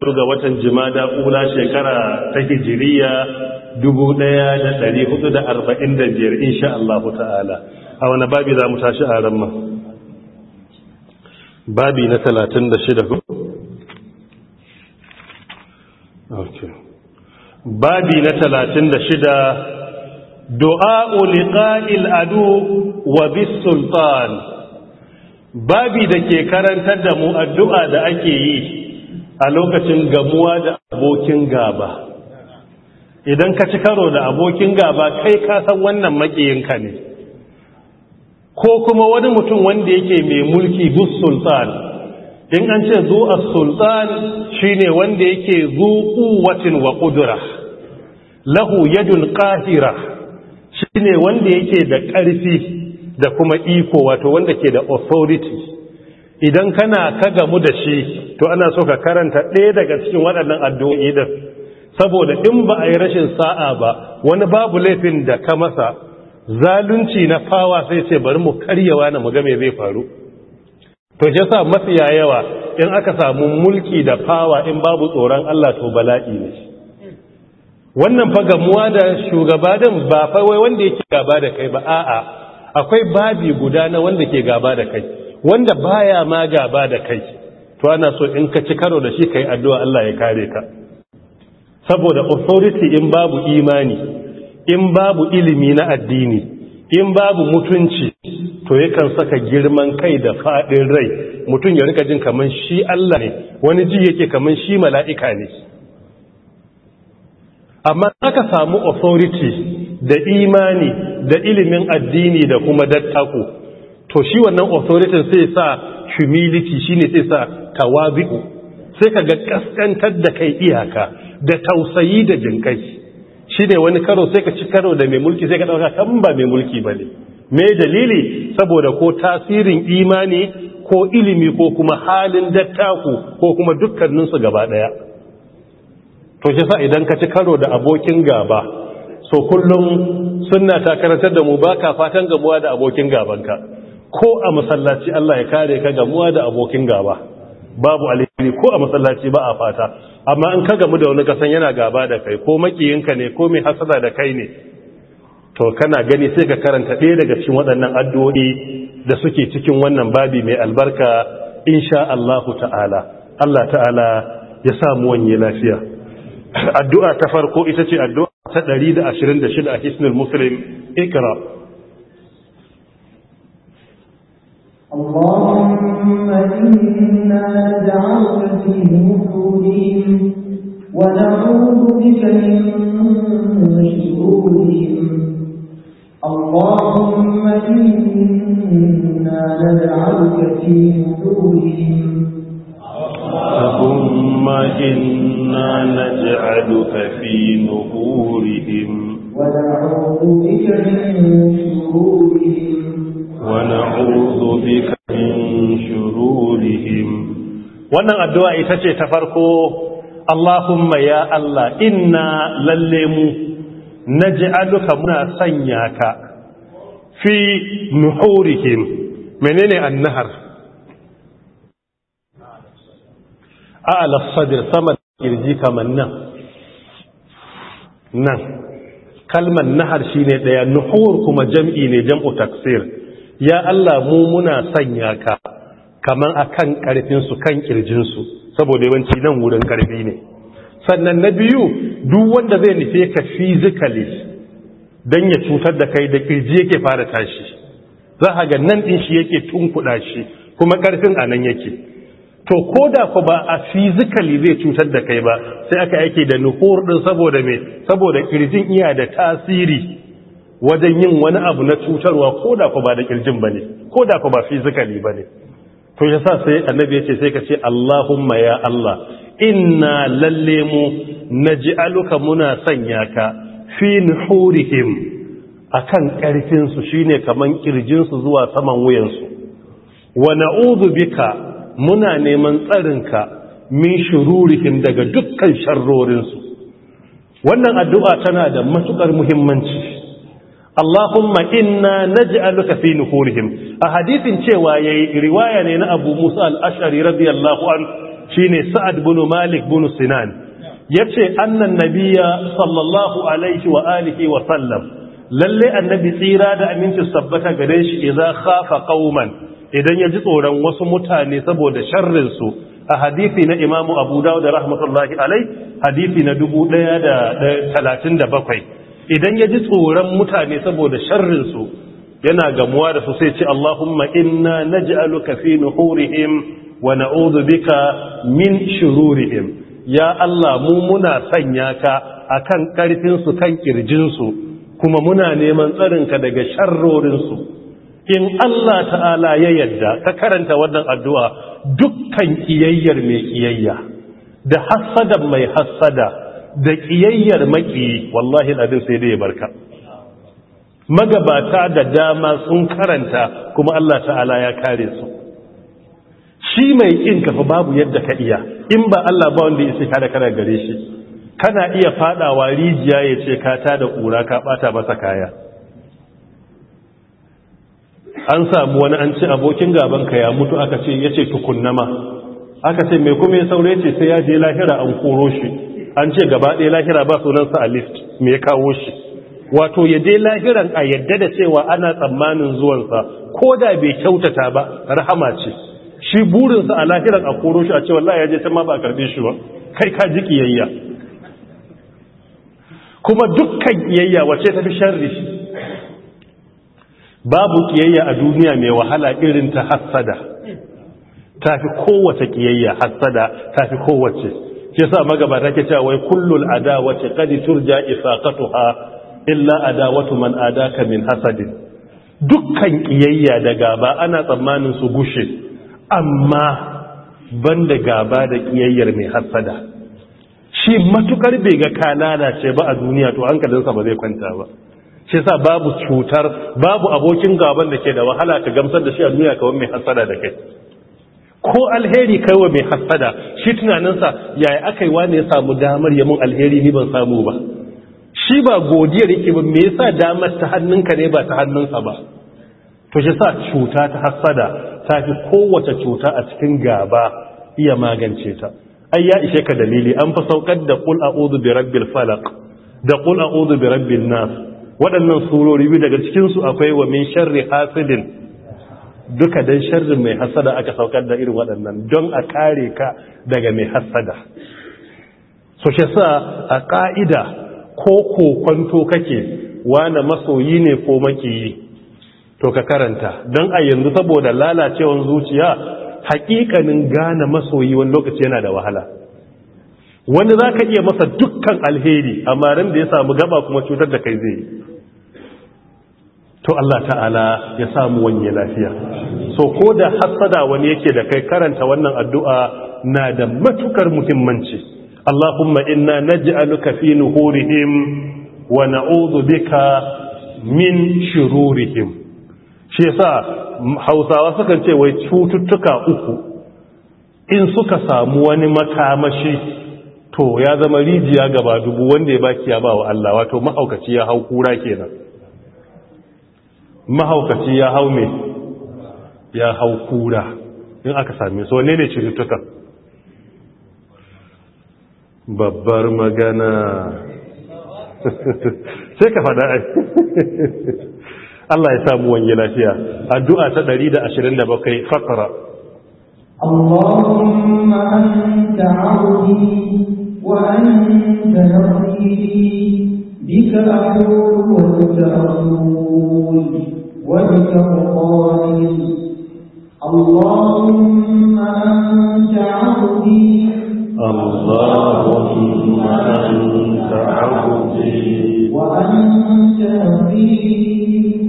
ga watan jimada kula shekara ta hijiriya 1445 insha Allah ta'ala a wani babi za mu tashi a ramma babi na 36 ok babi na 36 du'a liqa'il adu wa bis sultan babi da ke karantar da mu addu'a da ake yi a lokacin gamuwa da abokin gaba idan ka ci karo da abokin gaba kai ka san wannan makiyinka ne ko kuma wani mutum wanda yake mai mulki bus sultan in an ce zo a sultan shine wanda yake zo quwwatin wa kudura lahu yadun qahira shine wanda yake da ƙarfi da kuma iko wato wanda ke da authority idan kana ka gamu da shi to ana so ka karanta ɗaya daga cikin waɗannan addu'o'i ɗin saboda in ba a yi rashin sa'a ba wani babu laifin da ka masa zalunci na fawa sai ce bari mu karyawa na mu game zai faru to shi sa mafi yawa in aka samu mulki da fawa in babu tsoron Allah to bala'i ne wannan fa gamuwa da shugaba din ba fa wanda yake gaba da kai ba a'a akwai babi guda na wanda ke gaba da kai wanda baya ma gaba da kai to ana so in ka ci karo da shi kai addu'a Allah ya kare ka saboda authority in babu imani in babu ilimi na addini in babu mutunci to yakan saka girman kai da fadin rai mutum ya rika jin kaman shi Allah ne wani ji yake kaman shi mala'ika ne amma aka samu authority da imani da ilimin addini da kuma dattako to shi wannan authority sai sa humility shine sai sa tawazi'u sai kaga kaskantar da kai iyaka da tausayi da jinkai shine wani karo sai ka ci karo da mai mulki sai ka dauka kan ba mai mulki ba ne. me dalili saboda ko tasirin imani ko ilimi ko kuma halin dattaku ko kuma dukkaninsu gaba daya to shi sa idan ka ci karo da abokin gaba so kullum sunna ta karantar da mu baka fatan gabuwa da abokin gabanka ko a masallaci Allah ya kare ka gamuwa da abokin gaba babu alheri ko a masallaci ba a fata amma in ka gamu da wani kasan yana gaba da kai ko makiyinka ne ko mai hasada da kai ne to kana gani sai ka karanta ɗaya daga cikin waɗannan addu'o'i da suke cikin wannan babi mai albarka insha Allah ta'ala Allah ta'ala ya samu wanye lafiya addu'a ta farko ita ce addu'a ta 126 a hisnul muslim ikra اللهم إنا نجعلك في نحورهم ونعوذ بك من شرورهم اللهم إنا نجعلك في نحورهم اللهم إنا نجعلك في نحورهم ونعوذ بك من شرورهم ونعوذ بك من شرورهم wannan addu'a ita ce ta farko Allahumma ya Allah inna lalle mu naj'aluka muna sanya ka fi nuhurihim menene annahar a'la sadr sama kirji kaman nan nan kalmar nahar shine daya nuhur kuma jam'i ne jam'u taksir ya Allah mu muna sanya ka kaman akan karfinsu kan kirjinsu saboda yawanci nan wurin karfi ne sannan na biyu duk wanda zai nufi ka fizikali don ya cutar da kai da ƙirji yake fara tashi za a ga nan ɗin shi yake tunkuɗa shi kuma karfin a nan yake to ko da ku ba a physically zai cutar da kai ba sai aka yake da nuhur ɗin saboda me saboda kirjin iya da tasiri wajen yin wani abu na cutarwa ko da ku ba da kirjin ba ne ko da ku ba fizikali ba ne to ya sa sai annabi ya ce sai ka ce Allahumma ya Allah inna lalle mu naj'aluka muna sanya ka fi nuhurihim akan karfin su shine kaman kirjin su zuwa saman wuyansu. su wa na'udhu bika muna neman tsarinka min shururihim daga dukkan sharrorin su wannan addu'a tana da matukar muhimmanci Allahumma inna naj'aluka fi nuhurihim a hadisin cewa yayi riwaya ne na Abu Musa al-Ash'ari radiyallahu an shine Sa'ad bin Malik bin Sinan yace annan nabiyya sallallahu alaihi wa alihi wa sallam lalle annabi tsira da aminci sabbata gare shi idan khafa qauman idan ya ji tsoron wasu mutane saboda sharrin su a hadisi na Imam Abu Dawud rahmatullahi alaihi hadisi na 1137 idan ya ji tsoron mutane saboda sharrinsu yana gamuwa da su sai ce Allahumma inna naj'aluka fi nuhurihim wa na'udhu bika min shururihim ya Allah mu muna sanya ka akan karfin su kan kirjin su kuma muna neman tsarin ka daga sharrorin su in Allah ta'ala ya yadda ka karanta wannan addu'a dukkan kiyayyar mai kiyayya da hassada mai hassada da ƙiyayyar maƙiyi wallahi abin sai dai ya barka magabata da dama sun karanta kuma Allah ta'ala ya kare su shi mai ƙin kafa babu yadda ka iya in ba Allah ba wanda ya sai kada gare shi kana iya fadawa rijiya ya ce ka ta da ƙura ka ɓata masa kaya an samu wani an ce abokin ka ya mutu aka ce ya tukunnama aka ce mai kuma ya saurace sai ya je lahira an koro shi an ce gaba ɗaya lahira ba sunansa a list me ya kawo shi wato ya je lahiran a yadda da cewa ana tsammanin zuwansa ko da bai kyautata ba rahama ce shi burinsa a lahiran a koro shi a ce wallahi ya je ma ba a karbe shi ba kai ka ji kiyayya kuma dukkan kiyayya wace ta fi sharri babu kiyayya a duniya mai wahala irin ta hassada ta fi kowace kiyayya hassada ta fi kowace Ke sa magabata ke cewa wai kullul adawati qad turja katuha illa adawatu man adaka min hasadin dukkan kiyayya da gaba ana tsammanin su gushe amma banda gaba da kiyayyar mai hasada shi matukar bai ga ka ce ba a duniya to hankalinsa ba zai kwanta ba ce sa babu cutar babu abokin gaban da ke da wahala ka gamsar da shi a duniya kawai mai hasada da kai ko alheri kai wa mai hasada shi tunaninsa yaya aka yi wane ya samu damar ya yamin alheri ni ban samu ba shi ba godiyar yake ba me yasa damar ta hannunka ne ba ta hannunsa ba to shi sa cuta ta hasada ta fi kowace cuta a cikin gaba iya magance ta ai ya ishe ka dalili an fi saukar da qul a'udhu bi rabbil falaq da qul a'udhu bi rabbin nas waɗannan surori bi daga cikin su akwai wa min sharri hasidin duka don sharrin mai hasada aka saukar da irin waɗannan don a kare ka daga mai hasada so shi sa a ƙa'ida ko ko kwanto kake wane masoyi ne ko makiyi to ka karanta don a yanzu saboda lalacewar zuciya hakikanin gane masoyi wani lokaci yana da wahala wani za ka iya masa dukkan alheri amma ran da ya samu gaba kuma cutar da kai zai yi to Allah ta'ala ya samu ya lafiya so ko da hasada wani yake da kai karanta wannan addu'a na da matukar muhimmanci Allahumma inna naj'aluka fi nuhurihim wa na'udhu bika min shururihim shi yasa Hausawa suka ce wai cututtuka uku in suka samu wani makamashi to ya zama rijiya gaba dubu wanda ya baki ya ba wa Allah wato mahaukaci ya hau kura kenan mahaukaci ya hau ne, ya hau kura in aka same su ne ne cututtukan babbar magana sai ka fada ai Allah ya samu wanye lafiya addu'a ta 127 faqra Allahumma anta 'abdi wa anta rabbi bika a'udhu wa ta'awwal والفرقان اللهم أنت عبدي اللهم أنت عبدي وأنت أبي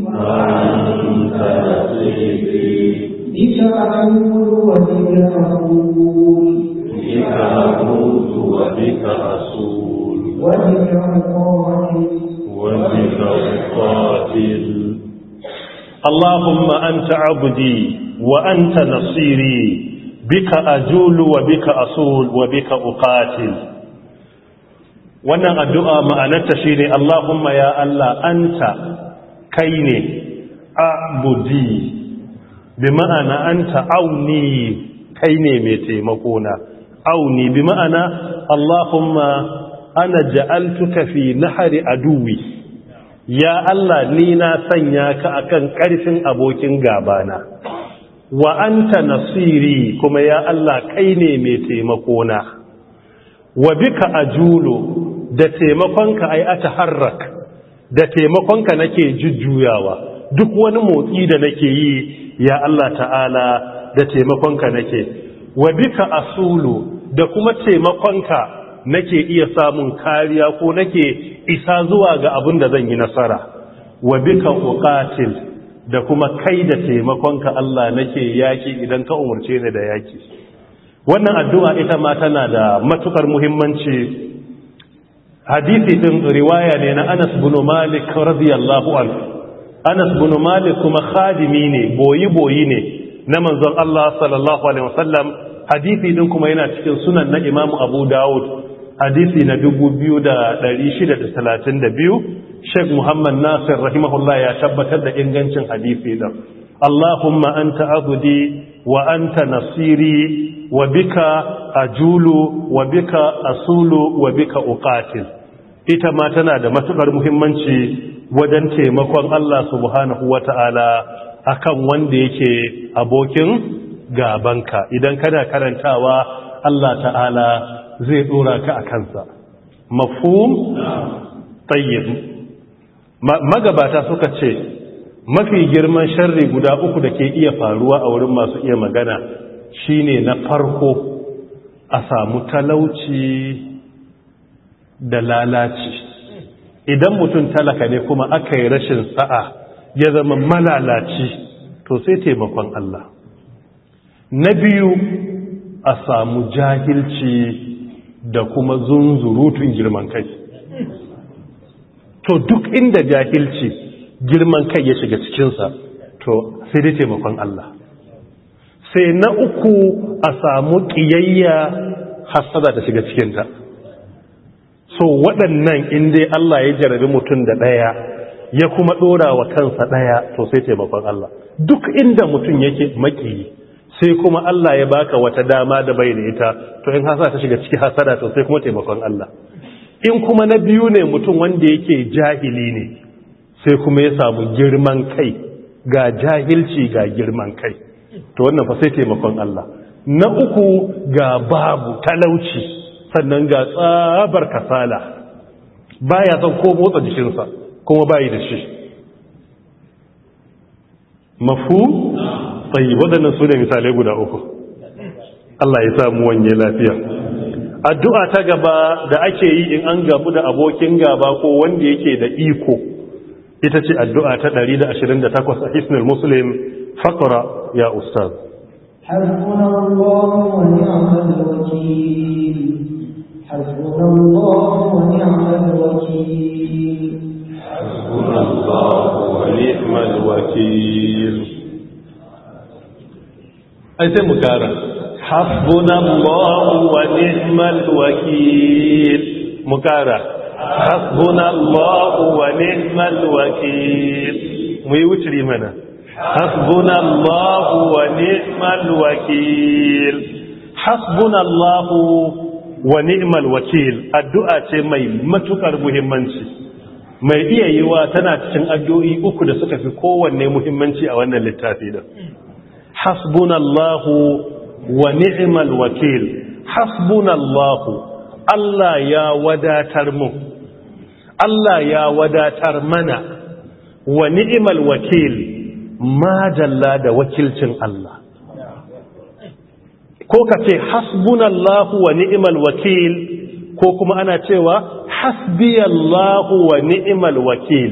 وأنت أبي بك أقول وبك أقول بك أموت وبك أسول وبك أقاتل وبك أقاتل اللهم أنت عبدي وأنت نصيري بك أجول وبك أصول وبك أقاتل wannan addu'a ma'anarta shi ne Allahumma ya Allah anta kai ne abudi bi ma'ana anta auni kai ne mai taimakona auni bi ma'ana Allahumma ana ja'altuka fi a duwi. ya Allah ni na sanya ka akan ƙarfin abokin gabana wa anta nasiri kuma ya Allah kai ne mai taimako na wa bika ajulu da taimakonka ai ataharrak da taimakonka nake jujjuyawa duk wani motsi da nake yi ya Allah ta'ala da taimakonka nake wa bika asulu da kuma taimakonka nake iya samun kariya ko nake isa zuwa ga abin da zan yi nasara wa bika uqatil da kuma kai da taimakon ka Allah nake yaki idan ka umurce ni da yaki wannan addu'a ita ma tana da matukar muhimmanci hadisi din riwaya ne na Anas bin Malik radiyallahu anhu Anas bin Malik kuma khadimi ne boyi boyi ne na manzon Allah sallallahu alaihi wasallam hadisi din kuma yana cikin sunan na Imam Abu Dawud hadisi na 2632 Sheikh Muhammad Nasir rahimahullah ya tabbatar da ingancin hadisi din Allahumma anta abdi wa anta nasiri wa bika ajulu wa bika asulu wa bika uqatil ita ma tana da matukar muhimmanci wajen taimakon Allah subhanahu wata'ala akan wanda yake abokin gabanka idan kana karantawa Allah ta'ala zai dora ka a kansa mafu tayyib magabata suka ce mafi girman sharri guda uku da ke iya faruwa a wurin masu iya magana shine na farko a samu talauci da lalaci idan mutum talaka ne kuma aka yi rashin sa'a ya zama malalaci to sai taimakon Allah na biyu a samu jahilci da kuma zunzurutun girman kai to duk inda jahilci girman kai ya shiga cikinsa to sai dai taimakon Allah sai na uku a samu ƙiyayya hasada ta shiga cikinta so waɗannan inda Allah ya jarabi mutum da ɗaya ya kuma ɗora wa kansa ɗaya to sai taimakon Allah duk inda mutum yake makiyi sai kuma Allah ya baka wata dama da bai da ita to in hasa ta shiga ciki hasada to sai kuma taimakon Allah in kuma na biyu ne mutum wanda yake jahili ne sai kuma ya samu girman kai ga jahilci ga girman kai to wannan fa sai taimakon Allah na uku ga babu talauci sannan ga tsabar kasala baya son ko motsa jikinsa kuma bayi da shi mafhum tsayi waɗannan su ne misalai guda uku Allah ya samu wanye lafiya addu'a ta gaba da ake yi in an gabu da abokin gaba ko wanda yake da iko ita ce addu'a ta 128 a hisnul muslim faqra ya ustaz حسبنا الله ونعم الوكيل حسبنا الله ونعم الوكيل حسبنا الله ونعم الوكيل ai sai mu kara hasbunallahu wa ni'mal wakil mu kara hasbunallahu wa ni'mal wakil mu yi wuciri mana hasbunallahu wa ni'mal wakil hasbunallahu wa ni'mal wakil addu'a ce mai matukar muhimmanci mai iya yiwa tana cikin addu'o'i uku da suka fi kowanne muhimmanci a wannan littafi da hasbunallahu wa ni'imal wakil hasbunallahu Allah ya wadatar mu Allah ya wadatar mana wa ni'mal wakil majalla da wakilcin Allah ko ka ce hasbunallahu wa ni'mal wakil ko kuma ana cewa hasbiyallahu wa ni'imal wakil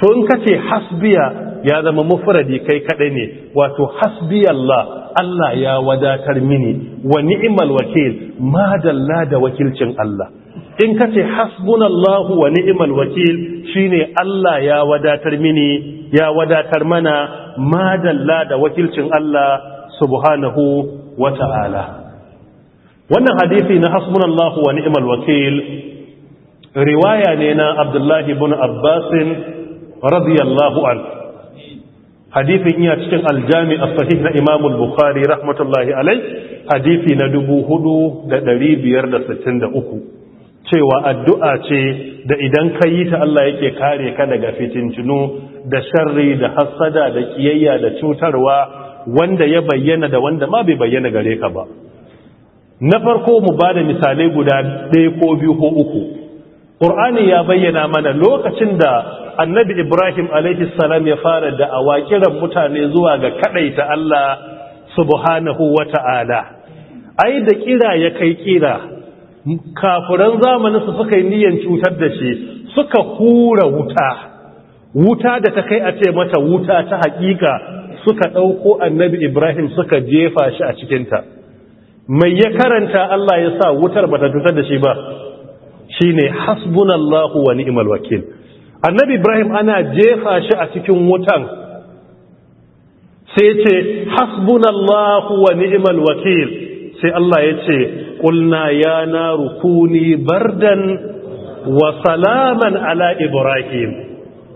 to in ka ce hasbiya ya zama mufuradi kai kadai ne wato hasbi Allah Allah ya wadatar mini wa ni'mal wakil ma dalla da wakilcin Allah in kace hasbunallahu wa ni'mal wakil shine Allah ya wadatar mini ya wadatar mana ma dalla da wakilcin Allah subhanahu wa ta'ala wannan hadisi na hasbunallahu wa ni'mal wakil riwaya ne na abdullahi bin abbasin radiyallahu an hadithin iya cikin aljami a sahih na Imamul bukhari rahmatullahi alai hadithi na dubu hudu uku. cewa addu'a ce da idan ka yi ta Allah yake kare ka daga fitincinu da sharri da hassada da kiyayya da cutarwa wanda ya bayyana da wanda ma bai bayyana gare ka ba na farko mu ba da misalai guda ɗaya ko biyu ko uku ƙur'ani ya bayyana mana lokacin da annabi ibrahim alaihi salam ya fara da'awa kiran mutane zuwa ga kadaita Allah subhanahu wata'ala ai da kira ya kai kira kafuran zamanin su suka yi niyyar cutar da shi suka hura wuta wuta da ta kai a ce mata wuta ta hakika suka dauko annabi ibrahim suka jefa shi a cikinta mai ya karanta Allah ya sa wutar bata cutar da shi ba shine hasbunallahu wa ni'mal wakil annabi ibrahim ana jefa shi a cikin wutan sai ce hasbunallahu wa ni'mal wakil sai Allah ya ce kulna ya naru kuni bardan wa salaman ala ibrahim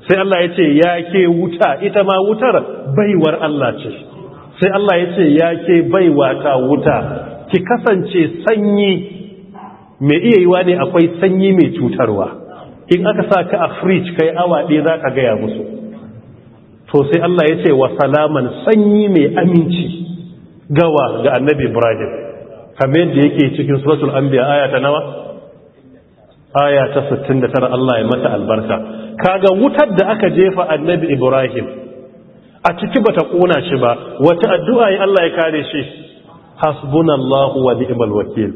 sai Allah ya ce ya ke wuta ita ma wutar baiwar Allah ce sai Allah ya ce ya ke baiwa ta wuta ki kasance sanyi mai iya yiwa ne akwai sanyi mai cutarwa in aka sa ka a fridge kai awa ɗaya za ka gaya musu to sai Allah ya ce wa salaman sanyi mai aminci gawa ga annabi ibrahim kamar yadda yake cikin suratul anbiya aya ta nawa aya ta 69 Allah ya mata albarka kaga wutar da aka jefa annabi ibrahim a ciki bata kona shi ba wata addu'a ya Allah ya kare shi hasbunallahu wa ni'mal wakil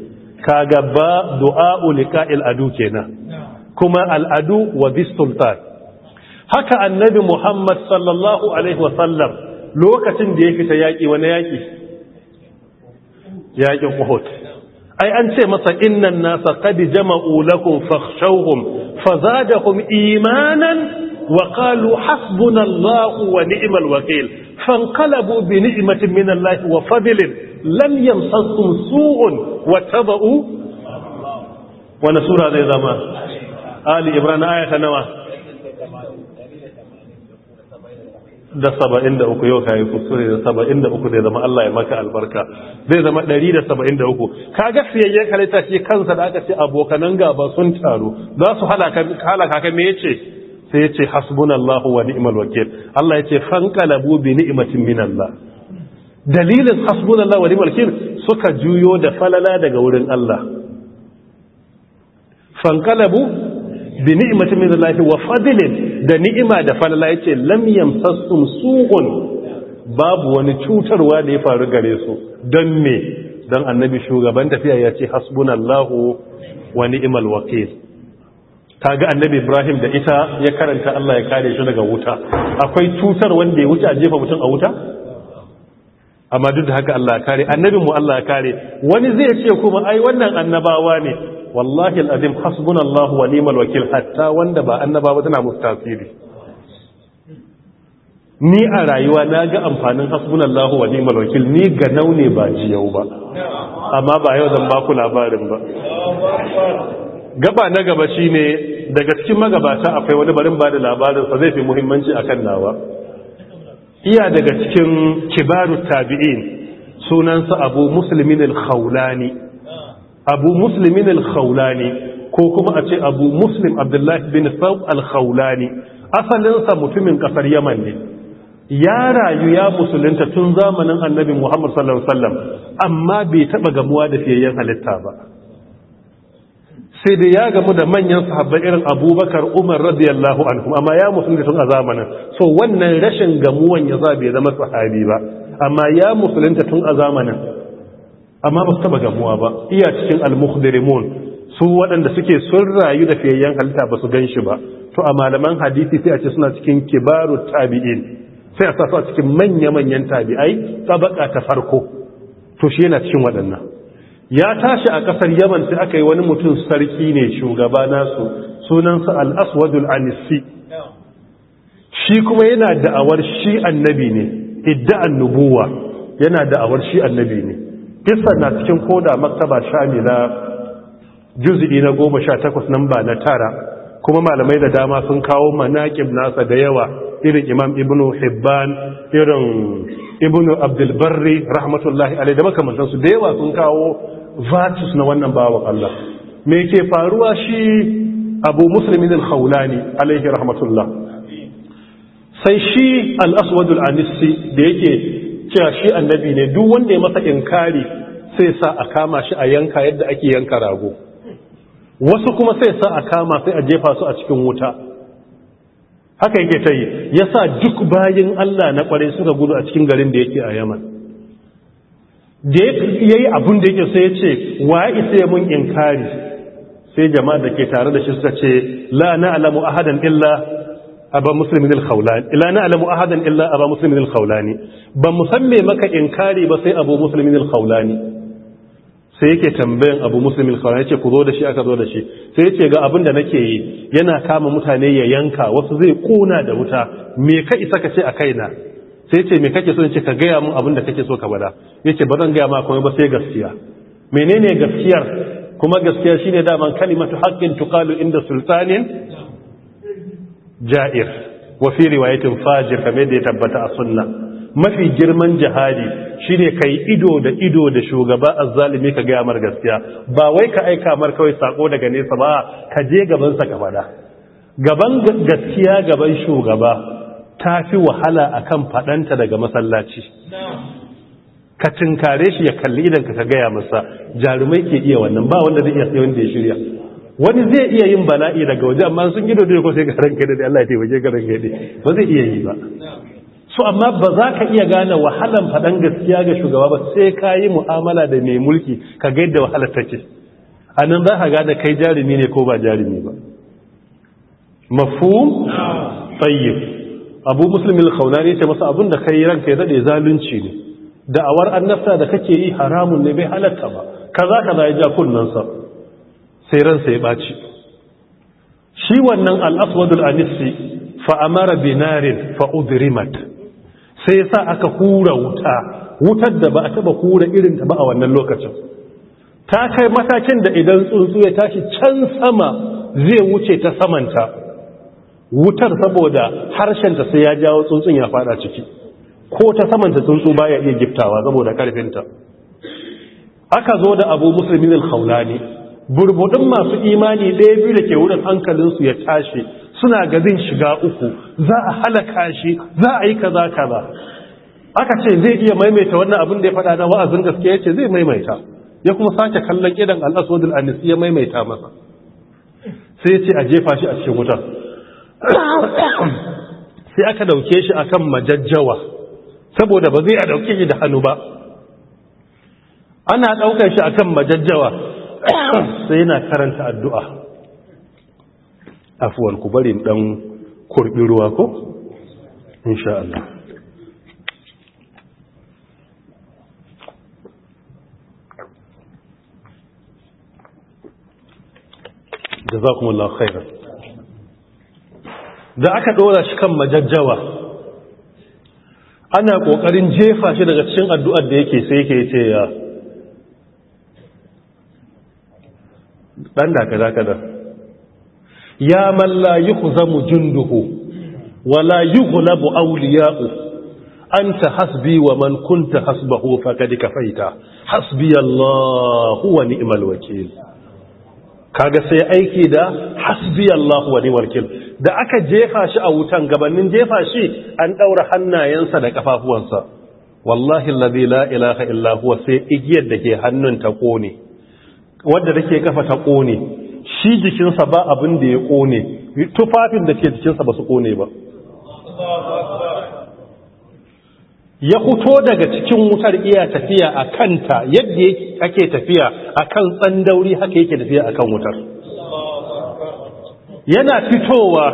kaga ba du'a liqa'il adu kenan kuma al’adu wa bisultan. Haka annabi Muhammad sallallahu Alaihi wasallam lokacin da ya fita yaƙi wani yaƙi? Yaƙin Uhud. Ai, an ce masa inan nasa kadi jama ulakun fashauhun fazadahun imanan wa kalu wa ni'imal wakil fankalabu bi ni'imatin minallahi wa fadilin lam yamsansu su'un wa taba'u wani sura zai zama ali ibrahim aya ta nawa da saba'in da uku yau kayi kuskure da saba'in da uku zai zama Allah ya maka albarka zai zama ɗari da saba'in da uku kaga siyayyen kalita shi kansa da aka ce abokanan gaba sun taru za su halaka ka me yace sai yace hasbunallahu wa ni'mal wakil Allah yace fanqalabu bi ni'matin minallah dalilin hasbunallahu wa ni'mal wakil suka juyo da falala daga wurin Allah fanqalabu bi ni'imati min Allahi wa fadlin da ni'ima da falala yace lam yamsasum su'un babu wani cutarwa da ya faru gare su dan me dan annabi shugaban tafiya yace hasbunallahu wa ni'mal wakeel kaga annabi Ibrahim da ita ya karanta Allah ya kare shi daga wuta akwai cutar wanda ya wuce a jefa mutum a wuta amma duk da haka Allah ya kare annabinmu Allah ya kare wani zai ce kuma ai wannan annabawa ne wallahi al'azim hasbunallahu wa ni'mal wakil hatta wanda ba annaba ba tana musu tasiri ni a rayuwa na ga amfanin hasbunallahu wa ni'mal wakil ni ga naune ba jiyau ba amma ba yau zan baku labarin ba gaba na gaba shine daga cikin magabata akwai wani barin ba da labarin sa zai fi muhimmanci akan nawa iya daga cikin kibaru tabi'in sunansa abu muslimin al-khawlani abu muslimin al ko kuma a ce abu muslim abdullahi bin sauk al-khawlani asalinsa mutumin kasar yaman ne ya rayu ya musulunta tun zamanin annabi muhammad sallallahu alaihi amma bai taba gamuwa da fiyayyen halitta ba sai da ya gamu da manyan sahabbai irin abubakar umar radiyallahu anhu amma ya musulunta tun a zamanin so wannan rashin gamuwan ya za bai zama sahabi ba amma ya musulunta tun a zamanin amma ba su taba gamuwa ba iya cikin al-mukhdirimun su waɗanda suke sun rayu da fiyayyen halitta ba su gan shi ba to a malaman hadisi sai a ce suna cikin kibaru tabi'in sai a sasa cikin manya-manyan tabi'ai tabaka ta farko to shi yana cikin waɗannan ya tashi a ƙasar yaman sai aka yi wani mutum sarki ne shugaba nasu sunansa al-aswadul anisi shi kuma yana da'awar shi annabi ne idda annubuwa yana da'awar shi annabi ne kisan na cikin koda maktaba shami na juzi na goma sha takwas nan ba na tara kuma malamai da dama sun kawo manaƙib nasa da yawa irin imam Ibn hibban irin ibnu abdulbarri rahmatullahi alai da makamantansu da yawa sun kawo vatus na wannan bawon allah me ke faruwa shi abu musulmin al alaihi rahmatullah sai shi al-aswadul anisi da yake cewa shi annabi ne duk wanda ya masa inkari sai sa a kama shi a yanka yadda ake yanka rago wasu kuma sai sa a kama sai a jefa su a cikin wuta haka yake ta yi ya sa duk bayan Allah na kware suka gudu a cikin garin da yake a yaman da ya yi abin da yake sai ya ce wa isa mun inkari sai jama'a da ke tare da shi suka ce la na alamu ahadan illa aba muslimin al-khawlani ila na'lamu ahadan illa aba muslimin al-khawlani ba musamme maka inkari ba sai abu muslimin al-khawlani sai yake tambayan abu muslimin al-khawlani yace ku zo da shi aka zo da shi sai yace ga abin da nake yi yana kama mutane ya yanka wasu zai kuna da wuta me ka isa ka ce a kaina sai yace me kake so yace ka gaya mun abin da kake so ka bada yace ba zan gaya ma komai ba sai gaskiya menene gaskiyar kuma gaskiya shine daman kalimatu haqqin tuqalu inda sultanin ja'ir wa fi riwayatin fajir kamar da ya tabbata a sunna mafi girman jihadi shine kai ido da ido da shugaba zalimi ka gaya mar gaskiya ba wai ka aika mar kawai sako daga nesa ba ka je gabansa ka fada gaban gaskiya gaban shugaba ta fi wahala a kan faɗanta daga masallaci ka tinkare shi ya kalli idan ka gaya masa jarumai ke iya wannan ba wanda zai iya sai wanda ya shirya wani zai iya yin bala'i daga waje amma sun gido da ko sai ga ranke da Allah ya je ga ranke da ba zai iya yi ba so amma ba za ka iya gane wahalan faɗan gaskiya ga shugaba ba sai ka yi mu'amala da mai mulki ka ga yadda wahalar take a nan za ka gane kai jarumi ne ko ba jarumi ba mafhum tayyib abu muslim al-khawlani ce masa abun da kai ranka ya dade zalunci ne da'awar annabta da kake yi haramun ne bai halatta ba kaza kaza ya ja kunnan sai ransa ya ɓaci shi wannan al'aswadul anisi fa'amara binarin fa'udirimat sai sa aka hura wuta wutar da ba a taba hura irin ta ba a wannan lokacin ta kai matakin da idan tsuntsu ya tashi can sama zai wuce ta samanta wutar saboda harshenta sai ya jawo tsuntsun ya fada ciki ko ta samanta tsuntsu baya iya giftawa saboda karfinta aka zo da abu musulmin al-khawlani burbudin masu imani ɗaya biyu da ke wurin hankalinsu ya tashi suna gazin shiga uku za a halaka shi za a yi kaza kaza aka ce zai iya maimaita wannan abin da ya faɗa na wa'azin gaskiya ce zai maimaita ya kuma sake kallon idan al'asodin anisi ya maimaita masa sai ce a jefa shi a cikin wuta sai aka ɗauke shi akan majajjawa saboda ba zai a dauke shi da hannu ba ana ɗaukar shi akan majajjawa sai na karanta addu'a afuwar ku bari ɗan kurbi ruwa ko insha Allah jazakumullahu khairar da aka ɗora shi kan majajjawa ana ƙoƙarin jefa shi daga cikin addu'ar da yake sai yake ce ya dan da kaza kaza ya man la yukhzamu junduhu wa yughlabu awliya'u anta hasbi wa man kunta hasbahu faqad kafaita hasbi Allah wa ni'mal wakeel kaga sai aiki da hasbi Allah wa ni'mal wakeel da aka jefa shi a wutan gabanin jefa shi an daura hannayensa da kafafuwansa wallahi alladhi la ilaha illa huwa sai igiyar da ke hannun ta kone wadda take kafa ta kone shi jikinsa ba abin da ya kone tufafin da ke jikinsa ba su kone ba ya kuto daga cikin wutar iya tafiya a kanta yadda ake tafiya a kan tsandauri haka yake tafiya a kan wutar yana fitowa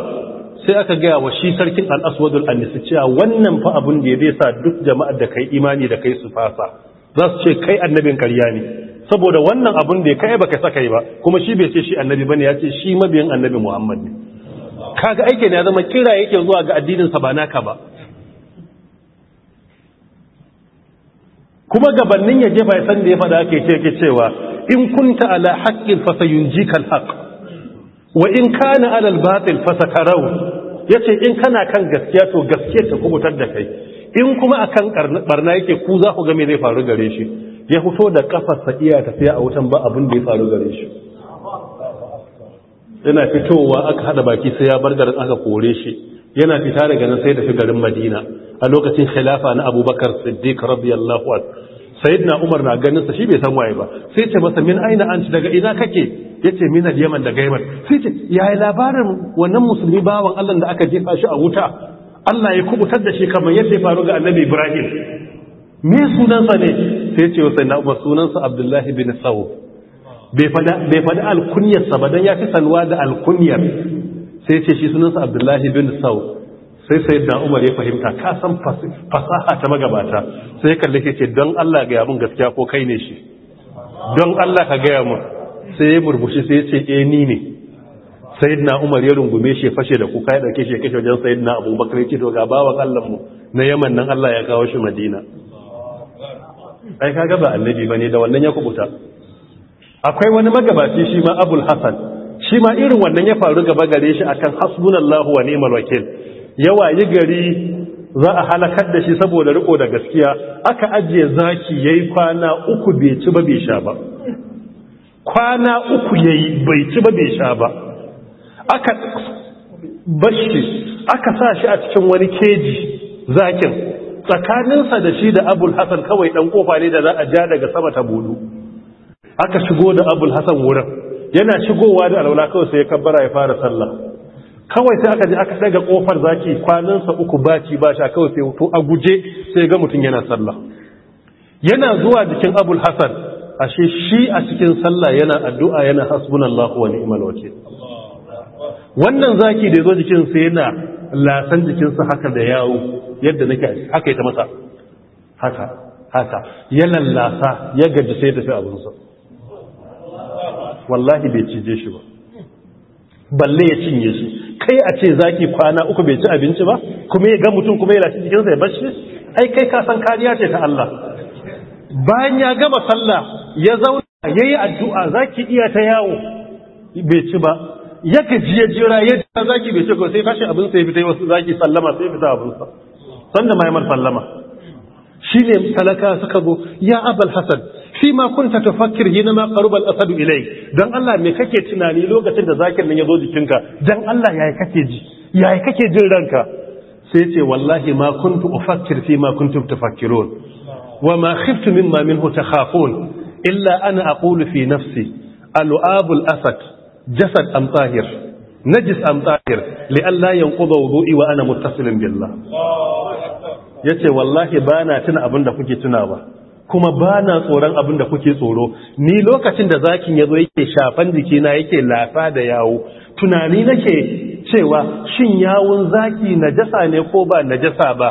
sai aka gaya wa shi sarkin al'aswadul annisi wannan fa abin da ya zai sa duk jama'ar da kai imani da kai su fasa za su ce kai annabin karya ne saboda wannan abin da ya kai baka saka yi ba kuma shi bai ce shi annabi bane ya ce shi mabiyin annabi Muhammad ne kaga aikin ya zama kira yake zuwa ga addinin sa ba naka ba kuma gabanin ya bai ya san da ya fada yake ce yake cewa in kunta ala haqqin fasayunjikal haqq wa in kana ala al-batil fasakarau yace in kana kan gaskiya to gaskiya ta kubutar da kai in kuma akan barna yake ku za ku ga me zai faru gare shi ya fito da kafarsa iya tafiya a wutan ba abin da ya faru gare shi yana fitowa aka hada baki sai ya bar garin aka kore shi yana fita daga nan sai tafi garin madina a lokacin khilafa na abubakar siddiq radiyallahu anhu sayyidina umar na ganin sa shi bai san waye ba sai ce masa min aina anti daga ina kake yace min al-yaman daga yaman sai ce yayi labarin wannan musulmi bawan Allah da aka jefa shi a wuta Allah ya kubutar da shi kamar yadda ya faru ga annabi Ibrahim me sunan sa ne sai ce wasu na umar sunansa abdullahi bin sau bai faɗi alkunyarsa ba don ya fi salwa da alkunyar sai ce shi sunansa abdullahi bin sau sai sai da umar ya fahimta ka san fasaha ta magabata sai ya kalli ce don allah ga yamin gaskiya ko kai ne shi don allah ka gaya mun sai ya murmushi sai ya ce eh ni ne sayyidina umar ya rungume shi fashe da kuka ya dauke shi ya kashe wajen sayyidina abubakar ya ce to ga bawan allah mu na yaman nan allah ya kawo shi madina ai ka gaba annabi bane da wannan ya kubuta akwai wani magabaci shi ma abul hasan shi ma irin wannan ya faru gaba gare shi akan hasbunallahu wa ni'mal wakil yawa yi gari za a halakar da shi saboda riko da gaskiya aka ajiye zaki yayi kwana uku bai ci ba bai sha ba kwana uku yayi bai ci ba bai sha ba aka bashi aka sa shi a cikin wani keji zakin tsakaninsa da shi da abul hasan kawai dan kofa ne da za a ja daga sama ta budu aka shigo da abul hasan wurin yana shigowa da alwala kawai sai ya kabbara ya fara sallah kawai sai aka je aka daga kofar zaki kwaninsa uku baci ba sha kawai sai to a guje sai ga mutum yana sallah yana zuwa jikin abul hasan ashe shi a cikin sallah yana addu'a yana hasbunallahu wa ni'mal wakeel wannan zaki da zo jikin sa yana lasan jikinsa haka da yawo yadda nake haka ya ta masa haka haka yana lasa ya gaji sai tafi abinsa wallahi bai cije shi ba balle ya cinye shi kai a ce zaki kwana uku bai ci abinci ba kuma ya ga mutum kuma ya lashi jikinsa ya bashi ai kai ka san kariya ce ta Allah bayan ya gama sallah ya zauna yayi addu'a zaki iya ta yawo bai ci ba ya gaji ya jira ya zaki bai ci ko sai fashin abin sai fita wasu zaki sallama sai fita sa. sanda ma fallama mar shi ne talaka suka zo ya abal hasan fi ma kunta tafakkir hina ma qaruba asadu ilai. Don Allah me kake tunani lokacin da zakin nan ya zo jikinka dan Allah yayi kake ji yayi kake jin ranka sai ce wallahi ma ta ufakkir fi ma kuntum tafakkirun wama khiftu mimma minhu takhafun illa ana a fi nafsi al asad jasad am tahir najis am tahir li alla yanqudu wudu'i wa ana muttasilun billah ya ce wallahi ba na tuna abin da kuke tunawa kuma ba na tsoron abin da kuke tsoro ni lokacin da zakin ya zo yake shafan jikina yake lafa da yawo tunani nake cewa shin yawon zaki najasa ne ko ba najasa ba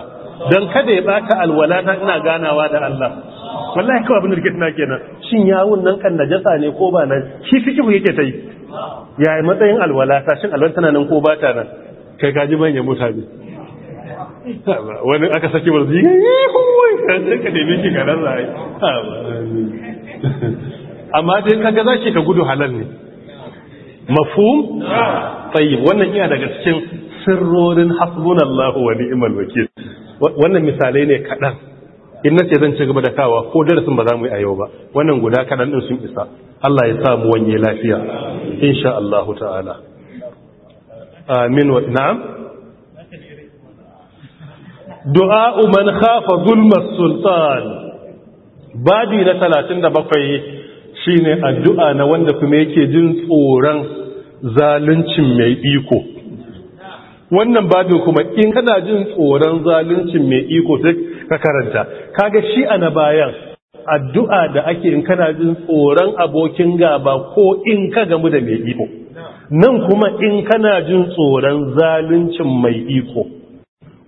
don kada ya bata alwala ta ina ganawa da Allah wallahi kawai abin da rikita na kenan shin yawon nan kan najasa ne ko ba nan shi fikihu yake ta yi yayi matsayin alwala ta shin alwala tana nan ko ba ta nan kai kaji manyan mutane wani aka saki warzi ka nemi shi ganar za a yi amma dai kaga za shi ka gudu halal ne mafhum tsayi wannan iya daga cikin sirrorin hasbunallahu wa ni'mal wakil wannan misalai ne kadan in ce zan ci gaba da kawa ko darasin ba za mu yi a yau ba wannan guda kadan din sun isa Allah ya sa mu wanye lafiya insha Allah ta'ala amin wa na'am du'a man khafa zulmas sultan babi na 37 shine addu'a na wanda kuma yake jin tsoron zaluncin mai iko wannan babin kuma in kana jin tsoron zaluncin mai iko sai ka karanta kaga shi ana bayan addu'a da ake in kana jin tsoron abokin gaba ko in ka gamu da mai iko nan kuma in kana jin tsoron zaluncin mai iko